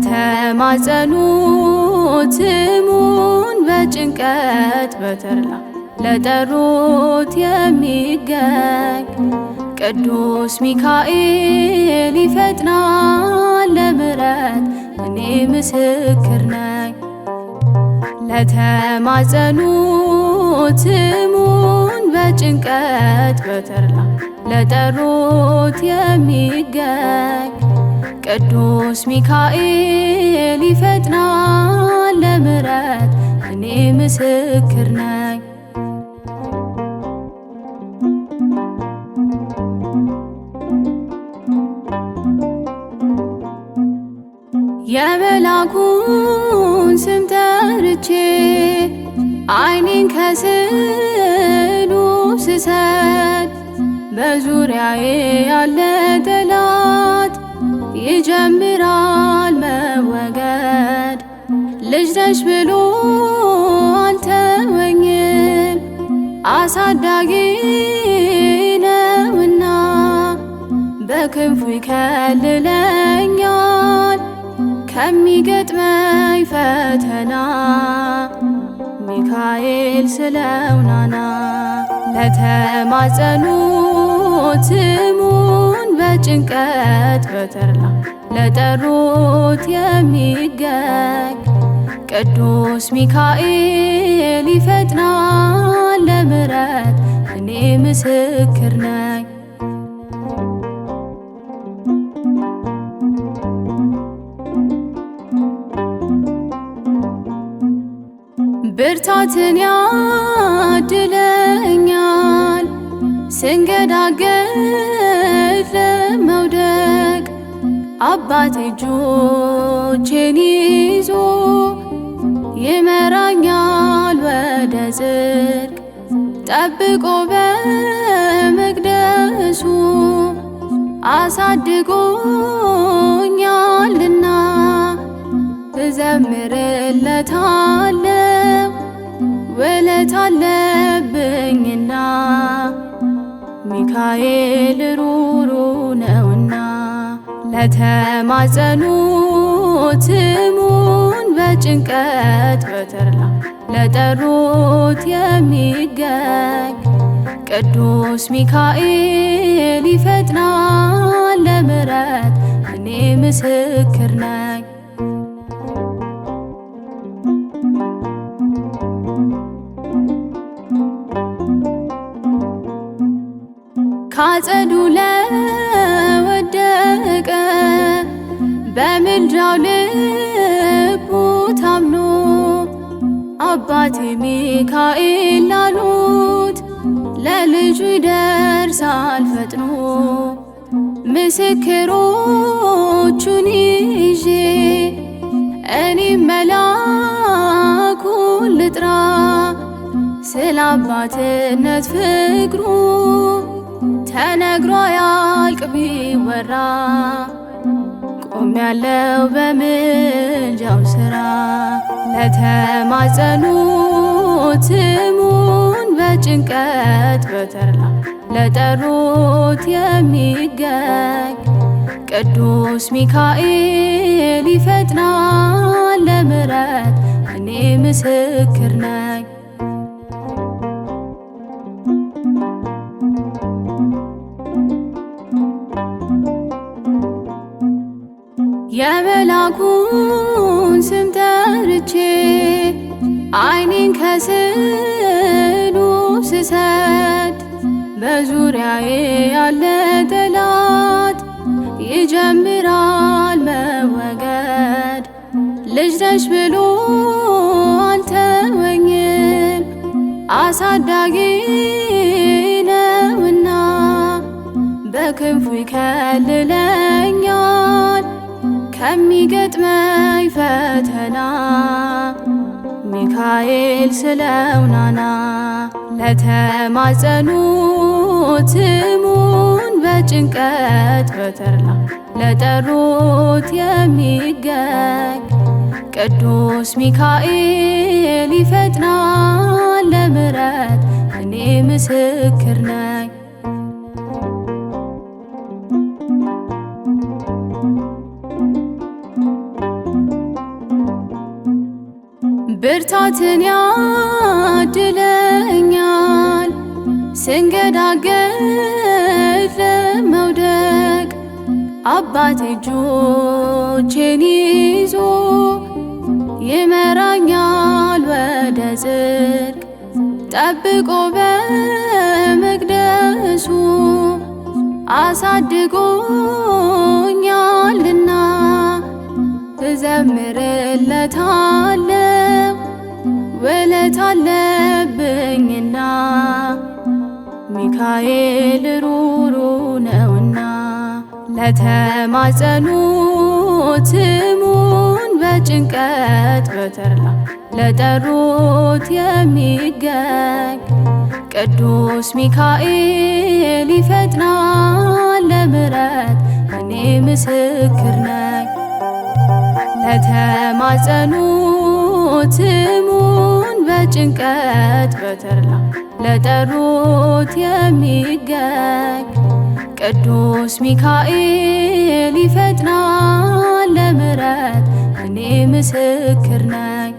በተማጸኑት ትሙን በጭንቀት በተርላ ለጠሩት የሚገኝ ቅዱስ ሚካኤል ይፈጥናል ለምረት እኔ ምስክር ነኝ። ለተማጸኑት ትሙን በጭንቀት በተርላ ለጠሩት የሚገኝ ቅዱስ ሚካኤል ይፈጥናል ለምሕረት እኔ ምስክር ነኝ። የመላኩን ስም ጠርቼ አይኔን ከስዕሉ ስሰት በዙሪያዬ ያለ ጠላት ይጀምራል መወገድ ልጅ ነሽ ብሎ አልተወኝም አሳዳጊ ነውና በክንፉ ይከልለኛል ከሚገጥመኝ ፈተና ሚካኤል ስለውናና ለተማጸኑትሙ ከጭንቀት በተርላ ለጠሩት የሚገኝ ቅዱስ ሚካኤል ይፈጥናል ለምረት እኔ ምስክር ነኝ። ብርታትን ያድለኛል ስንገዳገ አባት እጆቼን ይዞ ይመራኛል ወደ ጽድቅ ጠብቆ በመቅደሱ አሳድጎኛልና እዘምርለታለው ውለታ አለብኝና ሚካኤል ሩሩ ነው። ከተማጸኑት ስሙን በጭንቀት በተርላ ለጠሩት የሚገኝ ቅዱስ ሚካኤል ይፈጥናል ለምረት እኔ ምስክር ነኝ። ካጸዱ እንዳው ልቡ ታምኖ አባቴ ሚካኤል ላሉት ለልጁ ይደርሳል ፈጥኖ ምስክሮቹን ይዤ እኔ መላኩን ልጥራ ስለ አባትነት ፍቅሩ ተነግሮ ያልቅ ቢወራ ቆም ያለው በምልጃው ስራ ለተማጸኑት ስሙን በጭንቀት በተርላ ለጠሩት የሚገኝ ቅዱስ ሚካኤል ይፈጥናል ለምሕረት እኔ ምስክር ነኝ። የአምላኩን ስም ጠርቼ አይኔን ከስዕሉ ስሰድ በዙሪያዬ ያለ ጠላት ይጀምራል መወገድ። ልጅ ነሽ ብሎ አልተወኝም አሳዳጊ ነውና በክንፉ ይከልለኛ ከሚገጥመኝ ፈተና ሚካኤል ስለውናና ለተማጸኑት ስሙን በጭንቀት በተድላ ለጠሩት የሚገኝ ቅዱስ ሚካኤል ይፈጥናል ለምረት እኔ ምስክር ነኝ። መግባትን ያድለኛል ስንገዳገድ መውደቅ አባት እጆቼን ይዞ ይመራኛል ወደ ጽድቅ ጠብቆ በመቅደሱ አሳድጎኛልና እዘምርለታለ ውለት አለብኝና ሚካኤል ሩሩ ነውና ለተማጸኑት ሙን በጭንቀት በተርላ ለጠሩት የሚገኝ ቅዱስ ሚካኤል ይፈጥናል ለምሕረት እኔ ምስክር ነኝ ለተማጸኑት ሙን በጭንቀት በተድላ ለጠሩት የሚገኝ ቅዱስ ሚካኤል ይፈጥናል ለምሕረት እኔ ምስክር ነኝ።